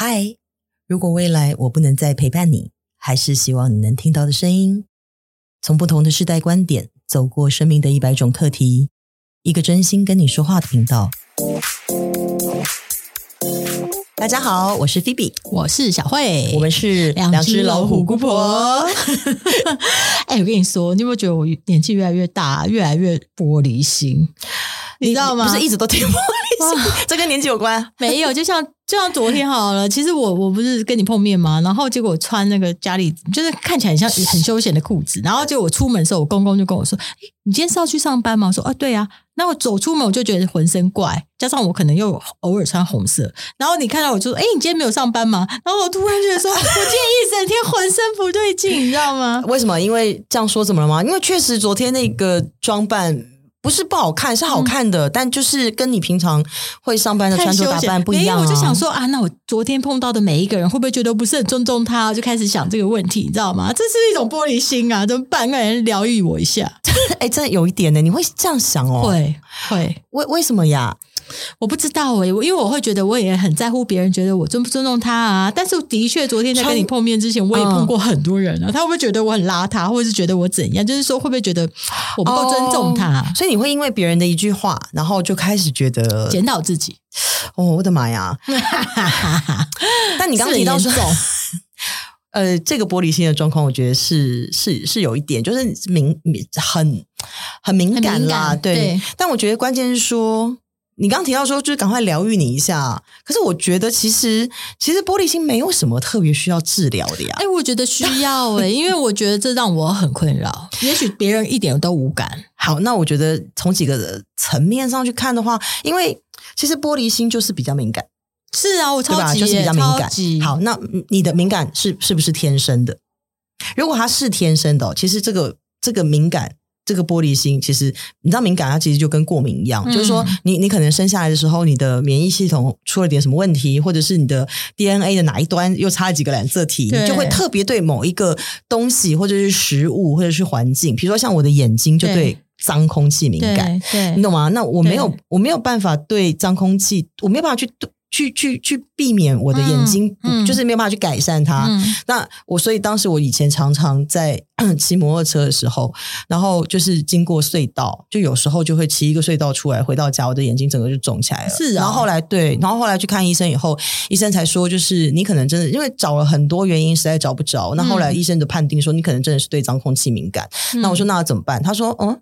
嗨，如果未來我不能再陪伴你，還是希望你能聽到的聲音。從不同的世代觀點，走過生命的一百種課題，一個真心跟你說話的頻道。大家好，我是 Phoebe，我是小慧，我們是兩隻老虎姑婆。姑婆 哎，我跟你說，你有沒有覺得我年紀越來越大，越來越玻璃心？你知道嗎？不是一直都挺玻璃心，這跟年紀有關？沒有，就像。就像昨天好了，其實我我不是跟你碰面嗎？然後結果我穿那個家裡就是看起來很像很休閒的褲子，然後結果我出門的時候，我公公就跟我說：“你今天是要去上班嗎？”我說：“啊，對呀、啊。”那我走出門我就覺得渾身怪，加上我可能又偶爾穿紅色，然後你看到我就說：“誒，你今天沒有上班嗎？”然後我突然覺得說：“我今天一整天渾身不對勁，你知道嗎？”為什麼？因為這樣說怎麼了嗎？因為確實昨天那個裝扮。不是不好看，是好看的、嗯，但就是跟你平常會上班的穿着打扮不一樣、啊、沒有我就想說啊，那我昨天碰到的每一個人，會不會覺得不是很尊重他、啊？就開始想這個問題，你知道嗎？這是一種玻璃心啊！嗯、怎麼辦，讓人療癒我一下，哎、 欸，真的有一點呢，你會這樣想哦，會。會，為為什麼呀？我不知道誒、欸，我因為我會覺得我也很在乎別人，覺得我尊不尊重他啊。但是的確，昨天在跟你碰面之前，我也碰過很多人啊、嗯。他會不會覺得我很邋遢，或者是覺得我怎樣？就是說，會不會覺得我不夠尊重他、哦？所以你會因為別人的一句話，然後就開始覺得檢討自己？哦，我的媽呀！ 但你剛，剛提到說，呃，這個玻璃心的狀況，我覺得是是是，是有一點，就是明明很。很敏感啦，敏感，對，對。但我覺得關鍵是說，你剛剛提到說，就是趕快療癒你一下啊。可是我覺得其實其實玻璃心沒有什麼特別需要治療的呀。欸，我覺得需要欸， 因為我覺得這讓我很困擾。 也許別人一點都無感。好，那我覺得從幾個層面上去看的話，因為其實玻璃心就是比較敏感。是啊，我超級，對吧，就是比較敏感。好，那你的敏感是、是不是天生的？如果它是天生的，其實這個這個敏感。這個玻璃心其實，你知道敏感，它其實就跟過敏一樣，就是說你，你你可能生下來的時候，你的免疫系統出了點什麼問題，或者是你的 DNA 的哪一端又差了幾個染色體，你就會特別對某一個東西，或者是食物，或者是環境，比如說像我的眼睛就對髒空氣敏感，對，你懂嗎？那我沒有，我沒有辦法對髒空氣，我沒有辦法去對。去去去避免我的眼睛、嗯嗯，就是沒有辦法去改善它、嗯嗯。那我所以當時我以前常常在騎 摩托車的時候，然後就是經過隧道，就有時候就會騎一個隧道出來回到家，我的眼睛整個就腫起來了。是、啊，然後後來對，然後後來去看醫生以後，醫生才說就是你可能真的因為找了很多原因實在找不着、嗯。那後來醫生就判定說你可能真的是對髒空氣敏感、嗯。那我說那我怎麼辦？他說嗯，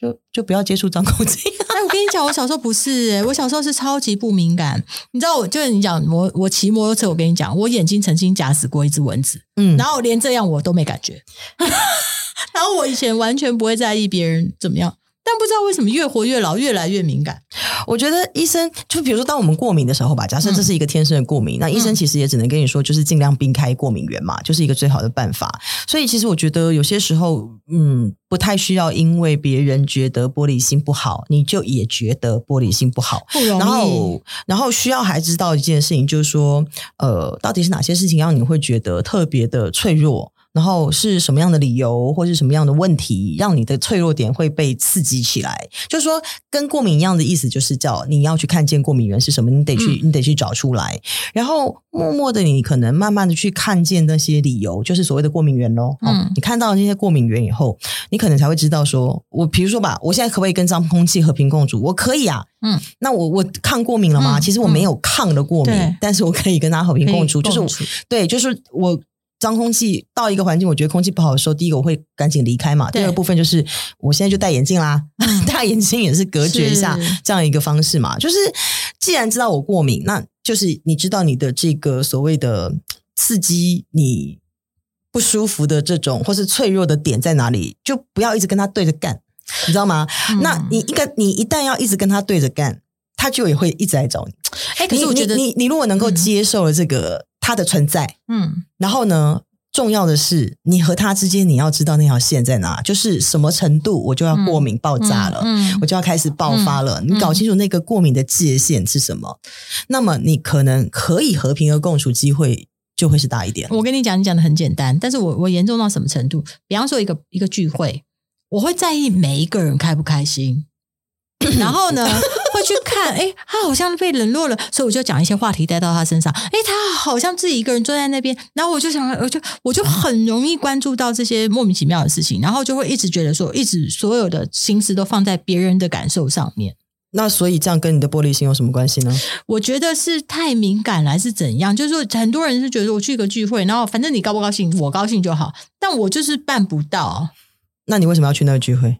就就不要接觸髒空氣。我跟你講，我小時候不是、欸，我小時候是超級不敏感。你知道，我就是你講摩，我騎摩托車，我跟你講，我眼睛曾經夾死過一隻蚊子，嗯，然後連這樣我都沒感覺， 然後我以前完全不會在意別人怎麼樣。但不知道為什麼越活越老，越來越敏感。我覺得醫生就比如說，當我們過敏的時候吧，假設這是一個天生的過敏，嗯，那醫生其實也只能跟你說，就是盡量避開過敏源嘛，就是一個最好的辦法。所以其實我覺得有些時候，嗯，不太需要因為別人覺得玻璃心不好，你就也覺得玻璃心不好。不容易。然後，然後需要還知道一件事情，就是說，呃，到底是哪些事情讓你會覺得特別的脆弱？然後是什麼樣的理由，或者是什麼樣的問題，讓你的脆弱點會被刺激起來？就是說，跟過敏一樣的意思，就是叫你要去看見過敏源是什麼，你得去，你得去找出來。嗯、然後，默默的，你可能慢慢的去看見那些理由，就是所謂的過敏源咯。嗯，你看到那些過敏源以後，你可能才會知道，說，我比如說吧，我現在可不可以跟髒空氣和平共處？我可以啊。嗯，那我我抗過敏了嗎、嗯？其實我沒有抗的過敏，但是我可以跟他和平共處。就是、嗯，對，就是我。當空氣到一個環境，我覺得空氣不好的時候，第一個我會趕緊離開嘛。第二個部分就是，我現在就戴眼鏡啦，戴眼鏡也是隔絕一下這樣一個方式嘛。就是既然知道我過敏，那就是你知道你的這個所謂的刺激你不舒服的這種或是脆弱的點在哪裡，就不要一直跟他對着幹，你知道嗎？嗯、那你一個你一旦要一直跟他對着幹，他就也會一直來找你、欸。可是我覺得你你，你，你如果能夠接受了這個他的存在，嗯，然後呢？重要的是，你和他之間，你要知道那條線在哪，就是什麼程度我就要過敏爆炸了，嗯嗯嗯、我就要開始爆發了。你搞清楚那個過敏的界限是什麼，嗯嗯、那麼你可能可以和平而共處，機會就會是大一點。我跟你講，你講的很簡單，但是我我嚴重到什麼程度？比方說一個一個聚會，我會在意每一個人開不開心。 然後呢，會去看，哎，他好像被冷落了，所以我就講一些話題帶到他身上。哎，他好像自己一個人坐在那邊，然後我就想，我就我就很容易關注到這些莫名其妙的事情，然後就會一直覺得說，一直所有的心思都放在別人的感受上面。那所以這樣跟你的玻璃心有什麼關係呢？我覺得是太敏感了還是怎樣？就是說，很多人是覺得我去一個聚會，然後反正你高不高興，我高興就好。但我就是辦不到。那你為什麼要去那個聚會？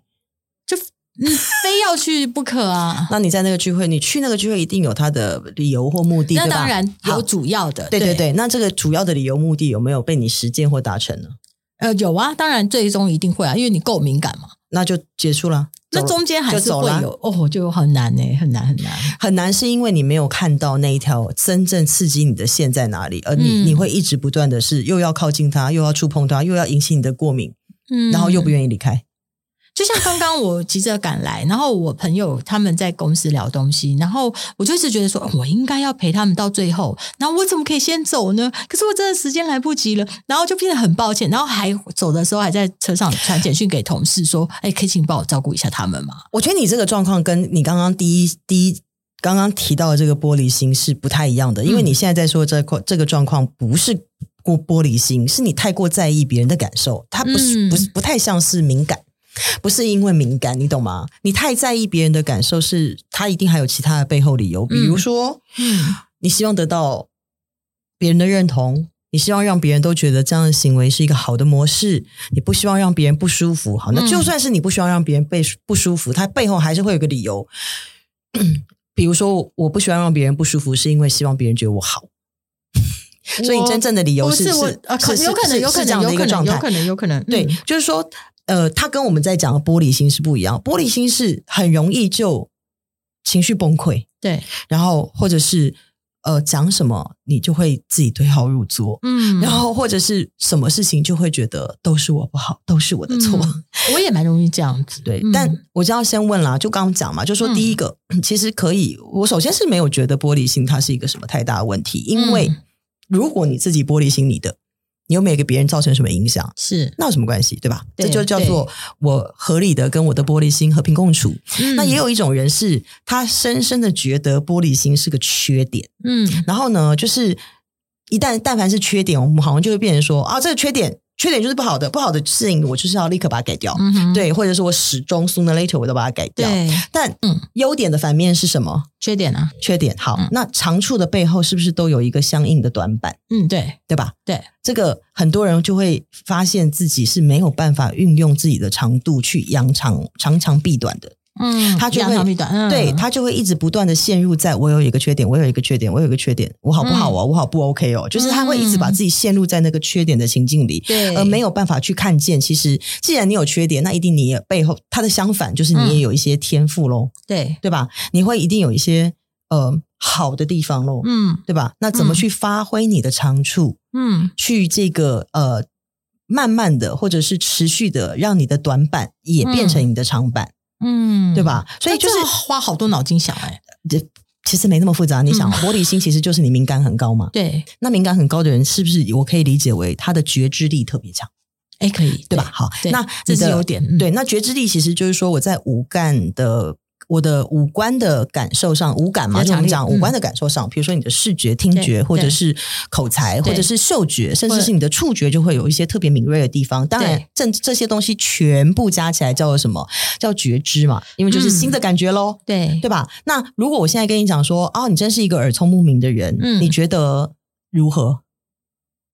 你非要去不可啊！ 那你在那個聚會，你去那個聚會一定有他的理由或目的，那當然有主要的。對對對，對，對，那這個主要的理由目的有沒有被你實踐或達成呢？呃，有啊，當然最終一定會啊，因為你夠敏感嘛。那就結束啦了。那中間還是會有走了哦，就很難呢、欸，很難很難，很難是因為你沒有看到那一條真正刺激你的線在哪裡，而你、嗯、你會一直不斷的是又要靠近他，又要觸碰他，又要引起你的過敏，嗯、然後又不願意離開。就像剛剛我急着趕來， 然後我朋友他們在公司聊東西，然後我就是覺得說，我應該要陪他們到最後，那我怎麼可以先走呢？可是我真的時間來不及了，然後就變得很抱歉，然後還走的時候還在車上傳簡訊給同事說：“哎，可以請幫我照顧一下他們嗎？”我覺得你這個狀況跟你剛剛第一第一剛剛提到的這個玻璃心是不太一樣的，嗯、因為你現在在說這這個狀況不是過玻璃心，是你太過在意別人的感受，它不是、嗯、不是不，不太像是敏感。不是因為敏感，你懂嗎？你太在意別人的感受是，是他一定還有其他的背後理由，比如說，嗯，你希望得到別人的認同，你希望讓別人都覺得這樣的行為是一個好的模式，你不希望讓別人不舒服。好，那就算是你不希望讓別人被不舒服，他背後還是會有個理由。比如說，我不希望讓別人不舒服，是因為希望別人覺得我好。 所以，真正的理由是我可、啊、有可能，有可能，有可能，有可能，有可能，有可能，對，就是說。呃，它跟我們在講的玻璃心是不一樣。玻璃心是很容易就情緒崩潰，對，然後或者是呃講什麼你就會自己對號入座，嗯，然後或者是什麼事情就會覺得都是我不好，都是我的錯。嗯、我也蠻容易這樣子，對、嗯。但我就要先問啦，就剛剛講嘛，就說第一個、嗯、其實可以，我首先是沒有覺得玻璃心它是一個什麼太大的問題，因為如果你自己玻璃心，你的。你又沒有沒給別人造成什麼影響？是。那有什麼關係？對吧？對。這就叫做我合理的跟我的玻璃心和平共處。嗯。那也有一種人是，他深深的覺得玻璃心是個缺點。嗯，然後呢，就是一旦但凡是缺點，我們好像就會變成說啊，這個缺點。缺點就是不好的，不好的事情我就是要立刻把它改掉，嗯、對，或者是我始終 sooner later 我都把它改掉。但嗯，優點的反面是什麼？缺點啊，缺點。好、嗯，那長處的背後是不是都有一個相應的短板？嗯，對，對吧？對，這個很多人就會發現自己是沒有辦法運用自己的長度去揚長長長避短的。嗯，他就會、嗯、對，他就會一直不斷的陷入在我有一個缺點，我有一個缺點，我有一個缺點，我好不好哦、嗯？我好不 OK 哦？就是他會一直把自己陷入在那個缺點的情境裡，對、嗯，而沒有辦法去看見，其實既然你有缺點，那一定你也背後他的相反就是你也有一些天賦嘍，對、嗯，對吧？你會一定有一些呃好的地方嘍，嗯，對吧？那怎麼去發揮你的長處？嗯，去這個呃，慢慢的或者是持續的讓你的短板也變成你的長板。嗯嗯嗯，對吧？所以就是花好多腦筋想哎、欸，這其實沒那麼複雜。你想，玻璃心其實就是你敏感很高嘛。對、嗯，那敏感很高的人是不是我可以理解為他的覺知力特別強？哎、欸，可以，對吧？對，好，那這是有點對。那覺知力其實就是說我在五感的。我的五官的感受上，五感嘛，就我們講、嗯、五官的感受上，比如說你的視覺、聽覺，或者是口才，或者是嗅覺，甚至是你的觸覺，就會有一些特別敏銳的地方。當然，這這些東西全部加起來叫做什麼？叫覺知嘛，因為就是新的感覺嘍。對、嗯，對吧？那如果我現在跟你講說啊、哦，你真是一個耳聰目明的人、嗯，你覺得如何？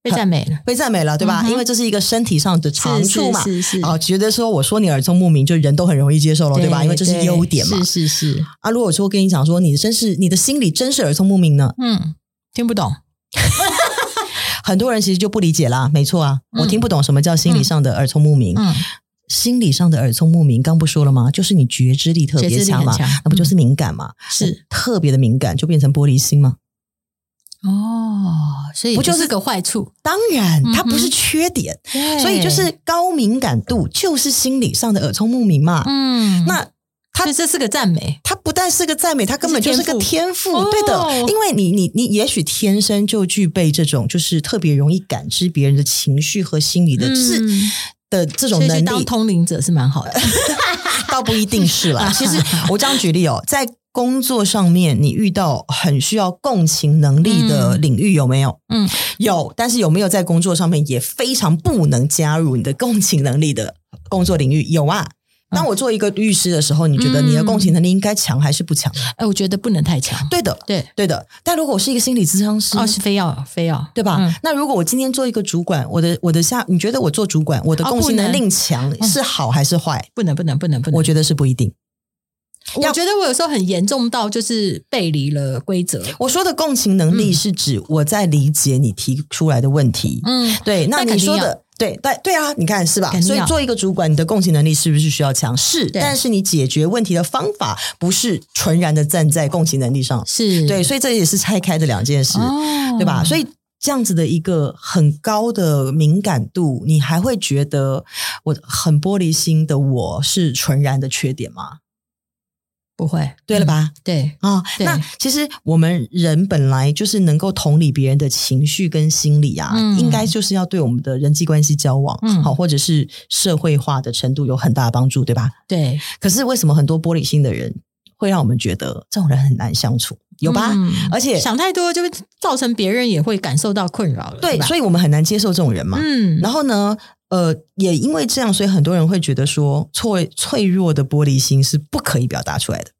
被讚美了，被讚美了，對吧、嗯？因為這是一個身體上的長處嘛，啊是是是是、哦，覺得說我說你耳聰目明，就人都很容易接受了，對，對吧？因為這是優點嘛，對對是是是。啊，如果說我跟你講說你真是你的心理真是耳聰目明呢，嗯，聽不懂， 很多人其實就不理解啦，沒錯啊，嗯、我聽不懂什麼叫心理上的耳聰目明、嗯，嗯，心理上的耳聰目明剛不說了嗎？就是你覺知力特別強嘛，強那不就是敏感嘛？是、嗯嗯、特別的敏感，就變成玻璃心嗎？哦，所以不是壞，不就是個壞處？當然，它不是缺點、嗯。所以就是高敏感度，就是心理上的耳聰目明嘛。嗯，那它這是個讚美，它不但是個讚美，它根本就是個天賦。對的，因為你你你也許天生就具備這種，就是特別容易感知別人的情緒和心理的，嗯、是的這種能力。當通靈者是蠻好的，倒 不一定是啦、啊。 其實我這樣舉例哦，在。工作上面，你遇到很需要共情能力的領域有沒有嗯？嗯，有。但是有沒有在工作上面也非常不能加入你的共情能力的工作領域？有啊。嗯、當我做一個律師的時候，你覺得你的共情能力應該強還是不強？哎、嗯呃，我覺得不能太強。對的，對，對的。但如果我是一個心理諮商師，哦，是非要非要，對吧、嗯？那如果我今天做一個主管，我的我的下，你覺得我做主管，我的共情能力強、哦、不能是好還是壞、嗯？不能，不能，不能，不能。我覺得是不一定。我覺得我有時候很嚴重到就是背離了規則。我說的共情能力是指我在理解你提出來的問題。嗯，對。那你說的，對，對，對啊，你看是吧，要？所以做一個主管，你的共情能力是不是需要強？是。但是你解決問題的方法不是純然的站在共情能力上。是。對，所以這也是拆開的兩件事，哦，對吧？所以這樣子的一個很高的敏感度，你還會覺得我很玻璃心的我是純然的缺點嗎？不會，對了吧？嗯、對啊、哦，那其實我們人本來就是能夠同理別人的情緒跟心理啊、嗯，應該就是要對我們的人際關係交往，嗯，好，或者是社會化的程度有很大的幫助，對吧？對。可是為什麼很多玻璃心的人會讓我們覺得這種人很難相處，有吧？嗯、而且想太多就會造成別人也會感受到困擾了，對，所以我們很難接受這種人嘛。嗯，然後呢？呃，也因為這樣，所以很多人會覺得說，脆脆弱的玻璃心是不可以表達出來的。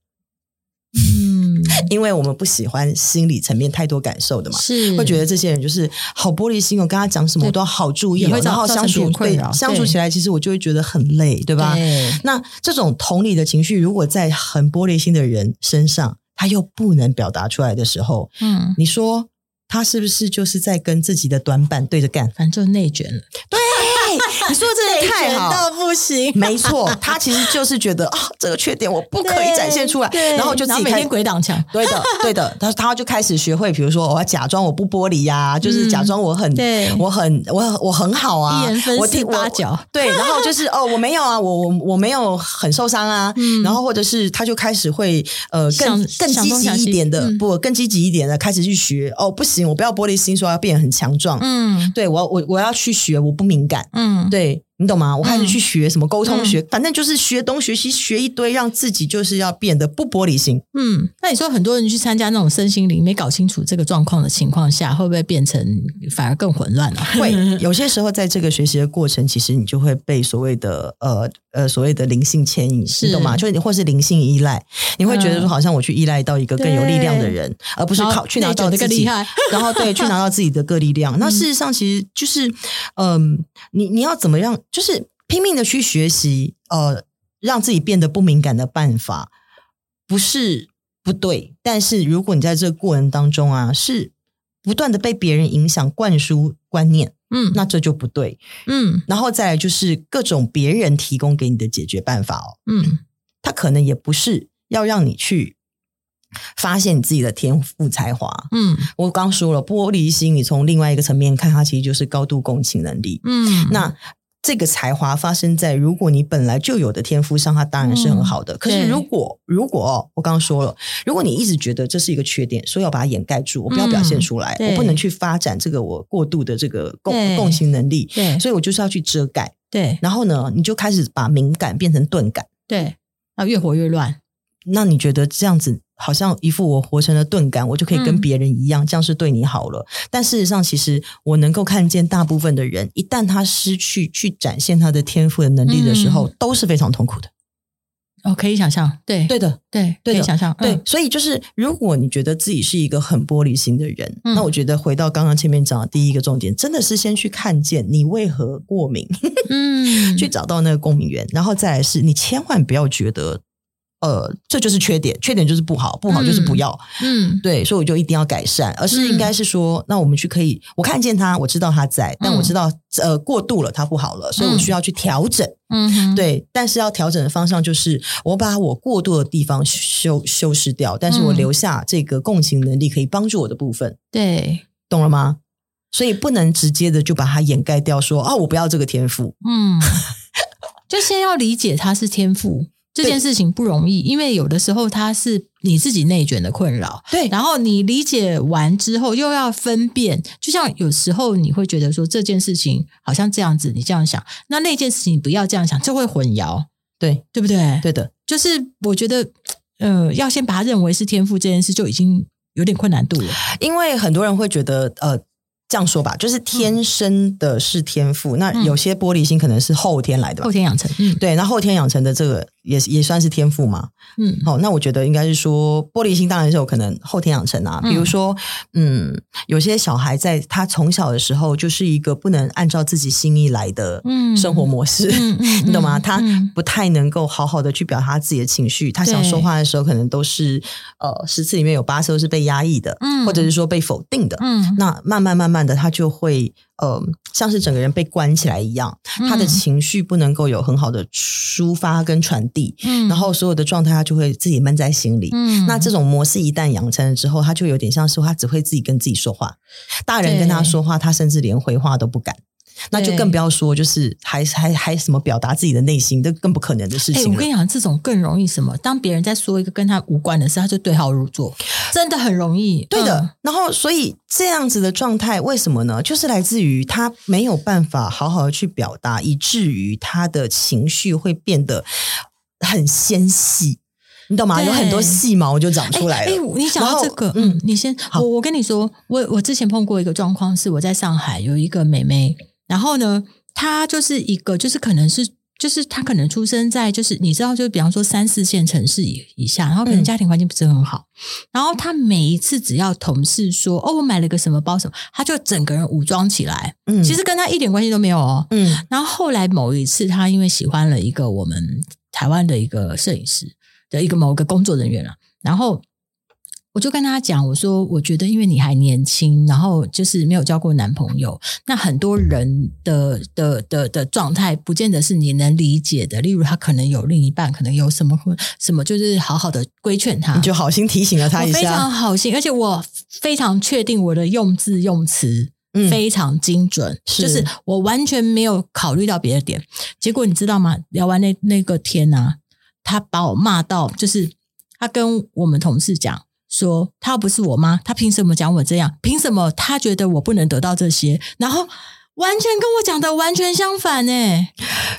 嗯，因為我們不喜歡心理層面太多感受的嘛，是會覺得這些人就是好玻璃心、哦，我跟他講什麼，我都要好注意、哦也會，然後相處會、啊，相處起來，其實我就會覺得很累，對吧？對，那這種同理的情緒，如果在很玻璃心的人身上，他又不能表達出來的時候，嗯，你說他是不是就是在跟自己的短板對着幹？反正內捲了，對呀、啊。你說這也太好，到不行，沒錯，他其實就是覺得啊、哦，這個缺點我不可以展現出來，然後就自己每天鬼擋牆，對的，對的。他他就開始學會，比如說，我要假裝我不玻璃呀、啊嗯，就是假裝我很，我很，我我很好啊，我挺八角，對，然後就是哦，我沒有啊，我我我沒有很受傷啊、嗯，然後或者是他就開始會呃，更更積極一點的，嗯、不，更積極一點的開始去學，哦，不行，我不要玻璃心、啊，說要變很強壯，嗯，對我要我我要去學，我不敏感。嗯嗯，對。你懂嗎？我開始去學什麼溝通學，嗯、反正就是學東學西，學一堆，讓自己就是要變得不玻璃心。嗯，那你說很多人去參加那種身心靈，沒搞清楚這個狀況的情況下，會不會變成反而更混亂了、啊？會有些時候在這個學習的過程，其實你就會被所謂的呃呃所謂的靈性牽引，是你懂嗎？就你或是靈性依賴，你會覺得說好像我去依賴到一個更有力量的人，嗯、而不是靠去拿到自己，厲害然後對 去拿到自己的個力量。那事實上其實就是，嗯、呃，你你要怎麼樣？就是拼命的去學習，呃，讓自己變得不敏感的辦法，不是不對。但是如果你在這個過程當中啊，是不斷的被別人影響、灌輸觀念，嗯，那這就不對，嗯。然後再來就是各種別人提供給你的解決辦法哦，嗯，它可能也不是要讓你去發現你自己的天賦才華，嗯。我剛說了，玻璃心，你從另外一個層面看，它其實就是高度共情能力，嗯。那這個才華發生在如果你本來就有的天賦上，它當然是很好的。嗯、可是如果如果、哦、我剛剛說了，如果你一直覺得這是一個缺點，所以要把它掩蓋住，我不要表現出來、嗯，我不能去發展這個我過度的這個共共情能力對，所以我就是要去遮蓋。對，然後呢，你就開始把敏感變成鈍感，對，那、啊、越活越亂。那你覺得這樣子好像一副我活成了鈍感，我就可以跟別人一樣、嗯，這樣是對你好了。但事實上，其實我能夠看見大部分的人，一旦他失去去展現他的天賦的能力的時候、嗯，都是非常痛苦的。哦，可以想象，對，對的，對，對的，可以想象，對。所以就是，如果你覺得自己是一個很玻璃心的人、嗯，那我覺得回到剛剛前面講的第一個重點，真的是先去看見你為何過敏， 嗯、去找到那個過敏源，然後再來是你千萬不要覺得。呃，這就是缺點，缺點就是不好，不好就是不要，嗯，對，所以我就一定要改善，而是應該是說，嗯、那我們去可以，我看見他，我知道他在，但我知道、嗯、呃過度了，他不好了，所以我需要去調整，嗯，嗯對，但是要調整的方向就是我把我過度的地方修修飾掉，但是我留下這個共情能力可以幫助我的部分，對、嗯，懂了嗎？所以不能直接的就把它掩蓋掉，說啊，我不要這個天賦，嗯， 就先要理解它是天賦。這件事情不容易，因為有的時候它是你自己內卷的困擾。對，然後你理解完之後，又要分辨，就像有時候你會覺得說這件事情好像這樣子，你這樣想，那那件事情不要這樣想，這會混淆。對，對不對？對的，就是我覺得，呃，要先把它認為是天賦這件事，就已經有點困難度了，因為很多人會覺得，呃。這樣說吧，就是天生的是天賦，嗯、那有些玻璃心可能是後天來的吧，後天養成、嗯。對，那後天養成的這個也也算是天賦嘛。嗯，好，那我覺得應該是說，玻璃心當然是有可能後天養成啊。比如說，嗯，嗯，有些小孩在他從小的時候就是一個不能按照自己心意來的生活模式，嗯、 你懂嗎？他不太能夠好好的去表達自己的情緒，嗯、他想說話的時候，對、可能都是呃十次裡面有八次都是被壓抑的、嗯，或者是說被否定的。嗯，那慢慢慢慢。他就會呃，像是整個人被關起來一樣，他的情緒不能夠有很好的抒發跟傳遞，嗯，嗯，然後所有的狀態他就會自己悶在心裡。嗯，那這種模式一旦養成了之後，他就有點像是他只會自己跟自己說話，大人跟他說話，他甚至連回話都不敢。那就更不要說，就是還還還，還什麼表達自己的內心，這更不可能的事情。誒，我跟你講，這種更容易什麼？當別人在說一個跟他無關的事，他就對號入座，真的很容易。對的。嗯，然後，所以這樣子的狀態，為什麼呢？就是來自於他沒有辦法好好的去表達，以至於他的情緒會變得很纖細，你懂嗎？有很多細毛就長出來了。你講這個嗯，嗯，你先，好，我我跟你說，我我之前碰過一個狀況是，我在上海有一個妹妹。然後呢，他就是一個，就是可能是，就是他可能出生在就是你知道，就比方說三四線城市以以下，然後可能家庭環境不是很好。嗯，然後他每一次只要同事說，哦，我買了個什麼包什麼，他就整個人武裝起來。嗯。其實跟他一點關係都沒有哦。嗯，然後後來某一次，他因為喜歡了一個我們台灣的一個攝影師的一個某個工作人員啊，然後。我就跟他講，我說我覺得因為你還年輕，然後就是沒有交過男朋友，那很多人的的的的狀態，不見得是你能理解的。例如，他可能有另一半，可能有什麼什麼，就是好好的規勸他，你就好心提醒了他一下。非常好心，而且我非常確定我的用字用詞、嗯、非常精準，就是我完全沒有考慮到別的點。結果你知道嗎？聊完那那個天啊，他把我罵到，就是他跟我們同事講。說他不是我媽，他憑什麼講我這樣？憑什麼他覺得我不能得到這些？然後完全跟我講的完全相反呢，欸？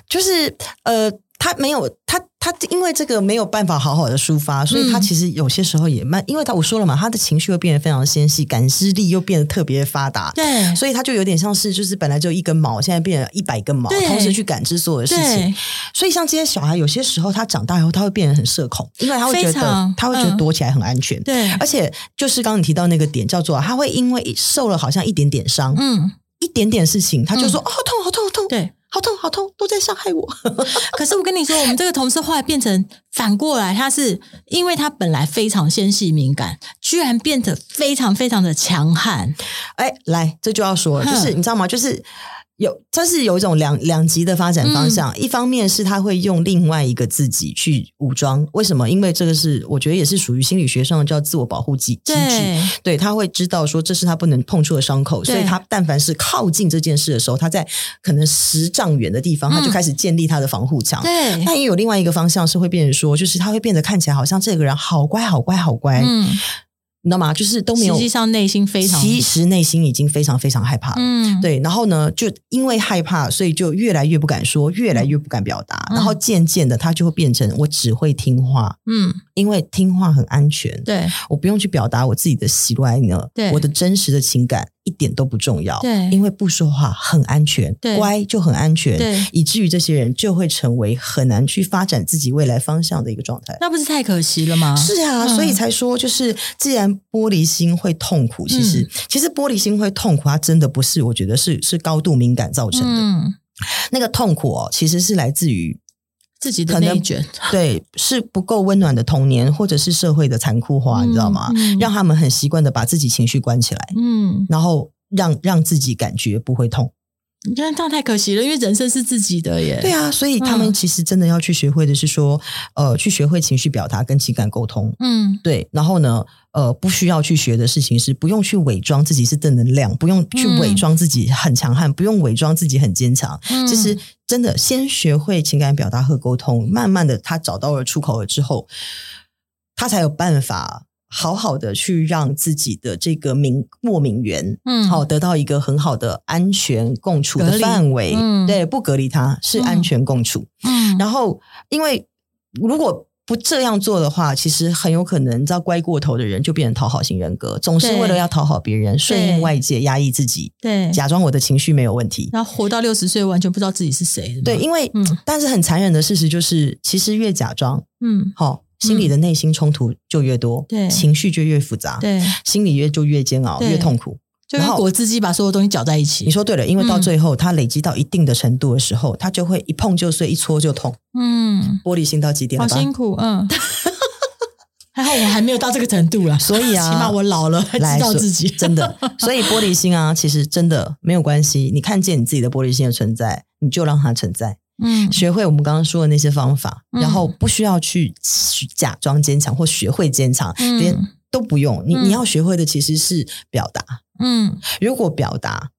就是呃。他沒有，他他因為這個沒有辦法好好的抒發，所以他其實有些時候也蠻，因為他我說了嘛，他的情緒會變得非常的纖細，感知力又變得特別發達，對，所以他就有點像是就是本來只有一根毛，現在變成一百根毛，同時去感知所有的事情。對。所以像這些小孩，有些時候他長大以後，他會變得很社恐，因為他會覺得他會覺得躲起來很安全，嗯，對。而且就是剛剛你提到那個點，叫做他會因為受了好像一點點傷，嗯，一點點事情，他就說，嗯，哦，好痛，好痛，好痛，對。好痛，好痛，都在傷害我。 可是我跟你說，我們這個同事後來變成反過來，他是因為他本來非常纖細敏感，居然變得非常非常的強悍。欸，來，這就要說了，就是你知道嗎？就是。有，他是有一種兩兩極的發展方向，嗯。一方面是他會用另外一個自己去武裝，為什麼？因為這個是我覺得也是屬於心理學上的叫自我保護機機制。對，對他會知道說，這是他不能碰觸的傷口，所以他但凡是靠近這件事的時候，他在可能十丈遠的地方，他就開始建立他的防護牆。嗯、對，那也有另外一個方向是會變成說，就是他會變得看起來好像這個人好乖、好乖、好乖、嗯。你知道嗎？就是都沒有。實際上內心非常，其實內心已經非常非常害怕了。嗯，對。然後呢，就因為害怕，所以就越來越不敢說，越來越不敢表達。嗯、然後漸漸的，他就會變成我只會聽話。嗯，因為聽話很安全。對、嗯，我不用去表達我自己的喜怒哀樂，對，我的真實的情感。一點都不重要，對，因為不說話很安全，乖就很安全，對，以至於這些人就會成為很難去發展自己未來方向的一個狀態，那不是太可惜了嗎？是啊，嗯、所以才說，就是既然玻璃心會痛苦，其實、嗯、其實玻璃心會痛苦，它真的不是，我覺得是是高度敏感造成的、嗯，那個痛苦哦，其實是來自於。自己的內捲可能，對，是不夠溫暖的童年，或者是社會的殘酷化，你知道嗎？嗯嗯，讓他們很習慣的把自己情緒關起來，嗯，然後讓讓自己感覺不會痛。你覺得這樣太可惜了，因為人生是自己的耶。對啊，所以他們其實真的要去學會的是說、嗯，呃，去學會情緒表達跟情感溝通。嗯，對。然後呢，呃，不需要去學的事情是不用去偽裝自己是正能量，不用去偽裝自己很強悍，嗯、不用偽裝自己很堅強、嗯。其實真的，先學會情感表達和溝通，慢慢的他找到了出口了之後，他才有辦法。好好的去讓自己的這個名過敏源，嗯，好、哦、得到一個很好的安全共處的範圍，嗯，對，不隔離他是安全共處，嗯，嗯然後因為如果不這樣做的話，其實很有可能，你知道乖過頭的人就變成討好型人格，總是為了要討好別人，順應外界，壓抑自己，對，假裝我的情緒沒有問題，然後活到六十歲，完全不知道自己是誰，對，因為、嗯、但是很殘忍的事實就是，其實越假裝，嗯，好、哦。心理的內心衝突就越多，嗯、對情緒就越複雜，對，心裡越就越煎熬，越痛苦。就如果自己把所有東西攪在一起。你說對了，因為到最後、嗯，它累積到一定的程度的時候，它就會一碰就碎，一搓就痛。嗯，玻璃心到極點了，好辛苦。嗯，還好我還沒有到這個程度啊。所以啊，起碼我老了知道自己真的。所以玻璃心啊， 其實真的沒有關係。你看見你自己的玻璃心的存在，你就讓它存在。嗯，學會我們剛剛說的那些方法，嗯，然後不需要去假裝堅強或學會堅強，嗯，連都不用。你，嗯，你要學會的其實是表達。嗯，如果表達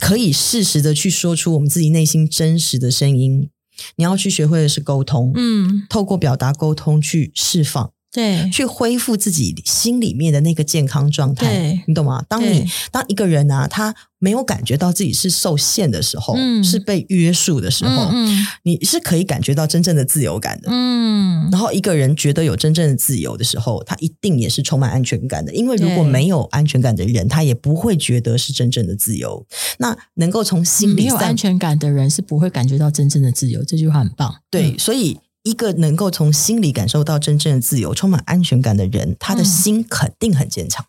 可以適時的去說出我們自己內心真實的聲音，你要去學會的是溝通。嗯，透過表達溝通去釋放。對，去恢復自己心裡面的那個健康狀態，你懂嗎？當你當一個人啊，他沒有感覺到自己是受限的時候，嗯、是被約束的時候、嗯嗯，你是可以感覺到真正的自由感的，嗯。然後一個人覺得有真正的自由的時候，他一定也是充滿安全感的，因為如果沒有安全感的人，他也不會覺得是真正的自由。那能夠從心裡沒有安全感的人是不會感覺到真正的自由，這句話很棒。對，嗯、所以。一個能夠從心裡感受到真正的自由、充滿安全感的人，他的心肯定很堅強。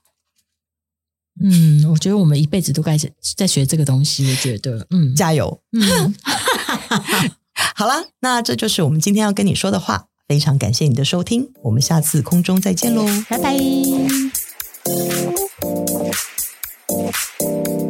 嗯，我覺得我們一輩子都該在在學這個東西。我覺得，嗯，加油。嗯， 好了，那這就是我們今天要跟你說的話。非常感謝你的收聽，我們下次空中再見嘍，拜拜。